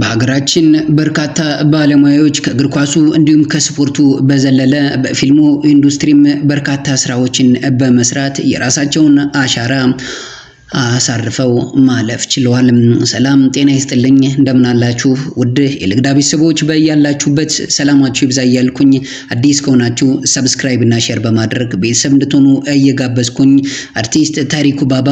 በሀገራችን በርካታ ባለሙያዎች ከእግር ኳሱ እንዲሁም ከስፖርቱ በዘለለ በፊልሙ ኢንዱስትሪም በርካታ ስራዎችን በመስራት የራሳቸውን አሻራ አሳርፈው ማለፍ ችለዋል። ሰላም ጤና ይስጥልኝ፣ እንደምናላችሁ ውድ የልግዳ ቤተሰቦች በያላችሁበት ሰላማችሁ ይብዛ እያልኩኝ አዲስ ከሆናችሁ ሰብስክራይብ እና ሼር በማድረግ ቤተሰብ እንድትሆኑ እየጋበዝኩኝ አርቲስት ታሪኩ ባባ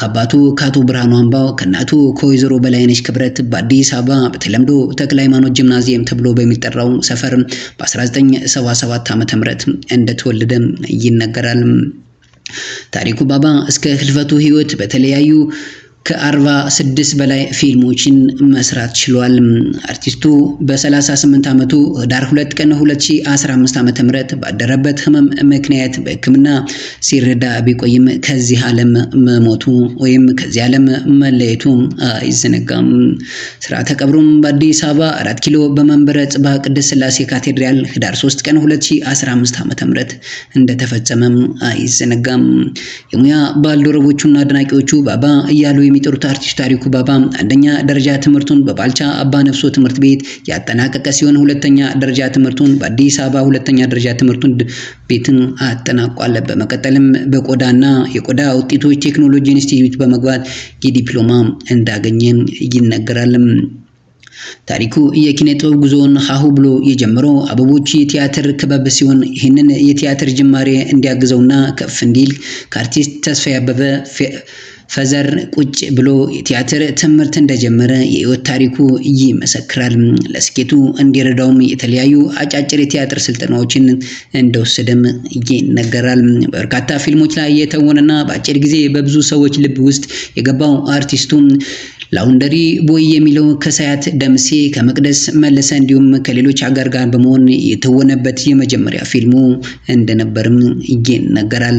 ከአባቱ ከአቶ ብርሃኑ አምባው ከእናቱ ከወይዘሮ በላይነሽ ክብረት በአዲስ አበባ በተለምዶ ተክለ ሃይማኖት ጂምናዚየም ተብሎ በሚጠራው ሰፈር በ1977 ዓ ም እንደተወለደ ይነገራል። ታሪኩ ባባ እስከ ህልፈቱ ህይወት በተለያዩ ከ46 በላይ ፊልሞችን መስራት ችሏል። አርቲስቱ በ38 ዓመቱ ህዳር 2 ቀን 2015 ም ባደረበት ህመም ምክንያት በህክምና ሲረዳ ቢቆይም ከዚህ ዓለም መሞቱ ወይም ከዚህ ዓለም መለየቱ አይዘነጋም። ስርዓተ ቀብሩም በአዲስ አበባ 4 ኪሎ በመንበረ ጽባ ቅድስት ስላሴ ካቴድራል ህዳር 3 ቀን 2015 ዓ.ም እንደተፈጸመም አይዘነጋም። የሙያ ባልደረቦቹና አድናቂዎቹ ባባ እያሉ የሚጠሩት አርቲስት ታሪኩ ባባ አንደኛ ደረጃ ትምህርቱን በባልቻ አባ ነፍሶ ትምህርት ቤት ያጠናቀቀ ሲሆን ሁለተኛ ደረጃ ትምህርቱን በአዲስ አበባ ሁለተኛ ደረጃ ትምህርቱን ቤትን አጠናቋል። በመቀጠልም በቆዳና የቆዳ ውጤቶች ቴክኖሎጂ ኢንስቲትዩት በመግባት የዲፕሎማ እንዳገኘ ይነገራል። ታሪኩ የኪነ ጥበብ ጉዞውን ሀሁ ብሎ የጀመረው አበቦች የቲያትር ክበብ ሲሆን ይህንን የቲያትር ጅማሬ እንዲያግዘውና ከፍ እንዲል ከአርቲስት ተስፋዬ አበበ ፈዘር ቁጭ ብሎ የቲያትር ትምህርት እንደጀመረ የህይወት ታሪኩ ይመሰክራል። ለስኬቱ እንዲረዳውም የተለያዩ አጫጭር የቲያትር ስልጠናዎችን እንደወሰደም ይነገራል። በርካታ ፊልሞች ላይ የተወነና በአጭር ጊዜ በብዙ ሰዎች ልብ ውስጥ የገባው አርቲስቱ ላውንደሪ ቦይ የሚለው ከሳያት ደምሴ ከመቅደስ መለሰ እንዲሁም ከሌሎች ሀገር ጋር በመሆን የተወነበት የመጀመሪያ ፊልሙ እንደነበርም ይነገራል።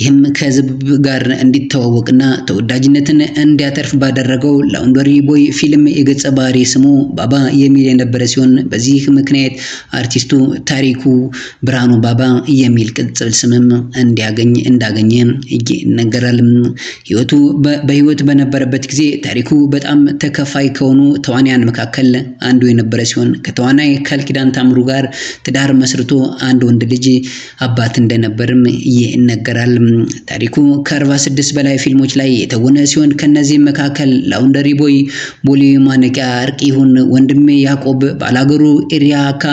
ይህም ከህዝብ ጋር እንዲተዋወቅና ተወዳጅነትን እንዲያተርፍ ባደረገው ላውንደሪ ቦይ ፊልም የገጸ ባህሪ ስሙ ባባ የሚል የነበረ ሲሆን በዚህ ምክንያት አርቲስቱ ታሪኩ ብርሃኑ ባባ የሚል ቅጽል ስምም እንዲያገኝ እንዳገኘ ይነገራል። ህይወቱ በህይወት በነበረበት ጊዜ ታሪኩ በጣም ተከፋይ ከሆኑ ተዋንያን መካከል አንዱ የነበረ ሲሆን ከተዋናይ ካልኪዳን ታምሩ ጋር ትዳር መስርቶ አንድ ወንድ ልጅ አባት እንደነበርም ይነገራል። ይነገራል። ታሪኩ ከ46 በላይ ፊልሞች ላይ የተወነ ሲሆን ከነዚህም መካከል ላውንደሪ ቦይ፣ ቦሌ ማነቂያ፣ እርቅ ይሁን፣ ወንድሜ ያዕቆብ፣ ባላገሩ፣ ኤሪያካ፣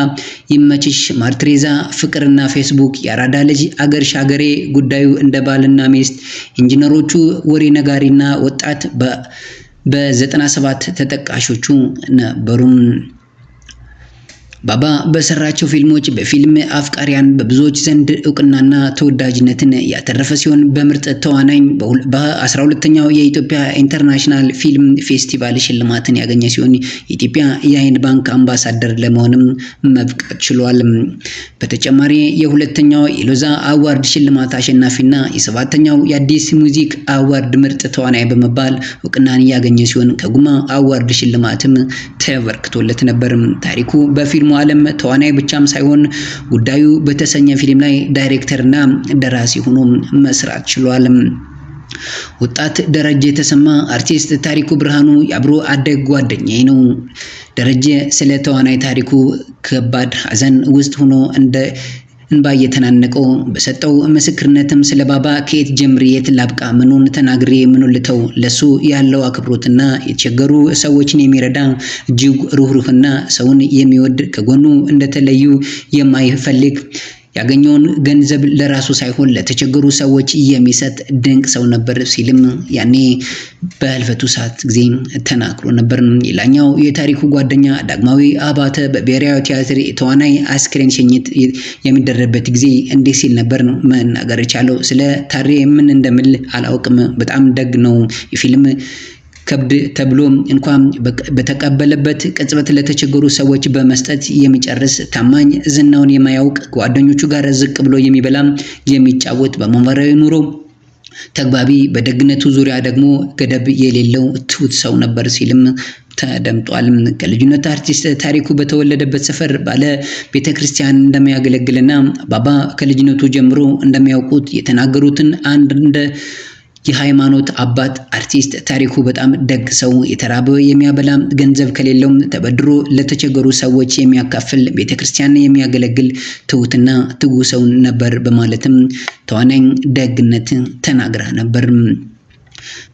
ይመችሽ፣ ማርትሬዛ፣ ፍቅርና ፌስቡክ፣ የአራዳ ልጅ፣ አገር ሻገሬ፣ ጉዳዩ እንደ ባልና ሚስት፣ ኢንጂነሮቹ፣ ወሬ ነጋሪና ወጣት በ በ97 ተጠቃሾቹ ነበሩም። ባባ በሰራቸው ፊልሞች በፊልም አፍቃሪያን በብዙዎች ዘንድ እውቅናና ተወዳጅነትን ያተረፈ ሲሆን በምርጥ ተዋናኝ በ12ኛው የኢትዮጵያ ኢንተርናሽናል ፊልም ፌስቲቫል ሽልማትን ያገኘ ሲሆን የኢትዮጵያ የአይን ባንክ አምባሳደር ለመሆንም መብቃት ችሏል። በተጨማሪ የሁለተኛው የሎዛ አዋርድ ሽልማት አሸናፊና የሰባተኛው የአዲስ ሙዚክ አዋርድ ምርጥ ተዋናይ በመባል እውቅናን ያገኘ ሲሆን ከጉማ አዋርድ ሽልማትም ተበርክቶለት ነበር። ታሪኩ በፊልም የፊልሙ ዓለም ተዋናይ ብቻም ሳይሆን ጉዳዩ በተሰኘ ፊልም ላይ ዳይሬክተርና ደራሲ ሆኖ መስራት ችሏል። ወጣት ደረጀ የተሰማ አርቲስት ታሪኩ ብርሃኑ የአብሮ አደግ ጓደኛዬ ነው። ደረጀ ስለ ተዋናይ ታሪኩ ከባድ ሐዘን ውስጥ ሆኖ እንደ እንባ እየተናነቀው በሰጠው ምስክርነትም ስለ ባባ ከየት ጀምሬ የት ላብቃ፣ ምኑን ተናግሬ ምኑን ልተው፣ ለሱ ያለው አክብሮትና የተቸገሩ ሰዎችን የሚረዳ እጅግ ሩህሩህና ሰውን የሚወድ ከጎኑ እንደተለዩ የማይፈልግ ያገኘውን ገንዘብ ለራሱ ሳይሆን ለተቸገሩ ሰዎች የሚሰጥ ድንቅ ሰው ነበር ሲልም ያኔ በህልፈቱ ሰዓት ጊዜ ተናግሮ ነበር። ሌላኛው የታሪኩ ጓደኛ ዳግማዊ አባተ በብሔራዊ ቲያትር የተዋናይ አስክሬን ሽኝት የሚደረበት ጊዜ እንዲህ ሲል ነበር መናገር የቻለው። ስለ ታሬ ምን እንደምል አላውቅም። በጣም ደግ ነው። ፊልም ከብድ ተብሎ እንኳን በተቀበለበት ቅጽበት ለተቸገሩ ሰዎች በመስጠት የሚጨርስ ታማኝ፣ ዝናውን የማያውቅ ጓደኞቹ ጋር ዝቅ ብሎ የሚበላ የሚጫወት በማህበራዊ ኑሮ ተግባቢ በደግነቱ ዙሪያ ደግሞ ገደብ የሌለው ትሁት ሰው ነበር ሲልም ተደምጧል። ከልጅነት አርቲስት ታሪኩ በተወለደበት ሰፈር ባለ ቤተ ክርስቲያን እንደሚያገለግልና ባባ ከልጅነቱ ጀምሮ እንደሚያውቁት የተናገሩትን አንድ እንደ የሃይማኖት አባት አርቲስት ታሪኩ በጣም ደግ ሰው፣ የተራበ የሚያበላ ገንዘብ ከሌለውም ተበድሮ ለተቸገሩ ሰዎች የሚያካፍል ቤተክርስቲያን የሚያገለግል ትሁትና ትጉ ሰው ነበር በማለትም ተዋናኝ ደግነት ተናግራ ነበር።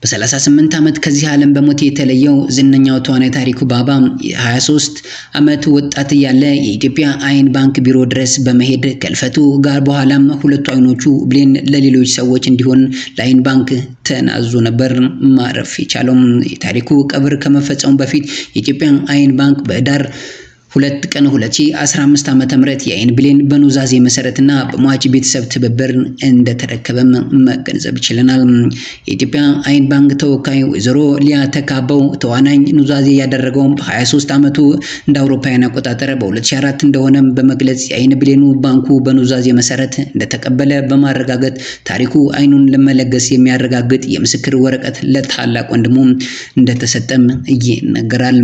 በ38 ዓመት ከዚህ ዓለም በሞት የተለየው ዝነኛው ተዋናይ ታሪኩ ባባ 23 ዓመት ወጣት እያለ የኢትዮጵያ አይን ባንክ ቢሮ ድረስ በመሄድ ከልፈቱ ጋር በኋላም ሁለቱ አይኖቹ ብሌን ለሌሎች ሰዎች እንዲሆን ለአይን ባንክ ተናዞ ነበር ማረፍ የቻለው። የታሪኩ ቀብር ከመፈጸሙ በፊት የኢትዮጵያ አይን ባንክ በዳር ሁለት ቀን 2015 ዓ.ም የአይን ብሌን በኑዛዜ መሰረትና በሟች ቤተሰብ ትብብር እንደተረከበም መገንዘብ ችለናል። የኢትዮጵያ አይን ባንክ ተወካይ ወይዘሮ ሊያ ተካበው ተዋናኝ ኑዛዜ ያደረገው በ23 ዓመቱ እንደ አውሮፓውያን አቆጣጠር በ2004 እንደሆነ በመግለጽ የአይን ብሌኑ ባንኩ በኑዛዜ መሰረት እንደተቀበለ በማረጋገጥ ታሪኩ አይኑን ለመለገስ የሚያረጋግጥ የምስክር ወረቀት ለታላቅ ወንድሙ እንደተሰጠም ይነገራል።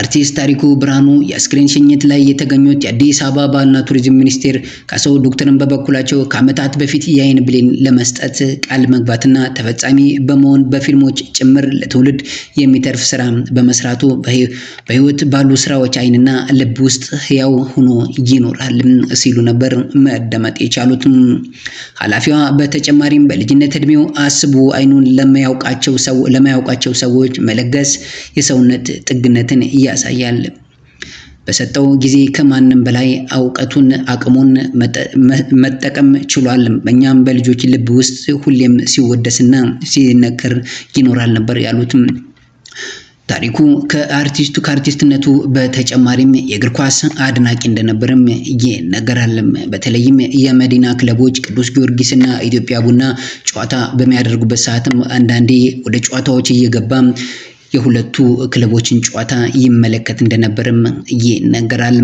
አርቲስት ታሪኩ ብርሃኑ የአስክሬን ሽኝት ላይ የተገኙት የአዲስ አበባ ባህልና ቱሪዝም ሚኒስቴር ካሳው ዶክተርን በበኩላቸው ከዓመታት በፊት የአይን ብሌን ለመስጠት ቃል መግባትና ተፈጻሚ በመሆን በፊልሞች ጭምር ለትውልድ የሚተርፍ ስራ በመስራቱ በህይወት ባሉ ስራዎች አይንና ልብ ውስጥ ህያው ሆኖ ይኖራል ሲሉ ነበር መደመጥ የቻሉት። ኃላፊዋ በተጨማሪም በልጅነት እድሜው አስቡ አይኑን ለማያውቃቸው ሰዎች መለገስ የሰውነት ጥግነትን ያሳያል። በሰጠው ጊዜ ከማንም በላይ እውቀቱን፣ አቅሙን መጠቀም ችሏል። በእኛም በልጆች ልብ ውስጥ ሁሌም ሲወደስና ሲነገር ይኖራል ነበር ያሉትም ታሪኩ ከአርቲስቱ ከአርቲስትነቱ በተጨማሪም የእግር ኳስ አድናቂ እንደነበርም ይነገራል። በተለይም የመዲና ክለቦች ቅዱስ ጊዮርጊስ ና ኢትዮጵያ ቡና ጨዋታ በሚያደርጉበት ሰዓትም አንዳንዴ ወደ ጨዋታዎች እየገባ የሁለቱ ክለቦችን ጨዋታ ይመለከት እንደነበርም ይነገራል።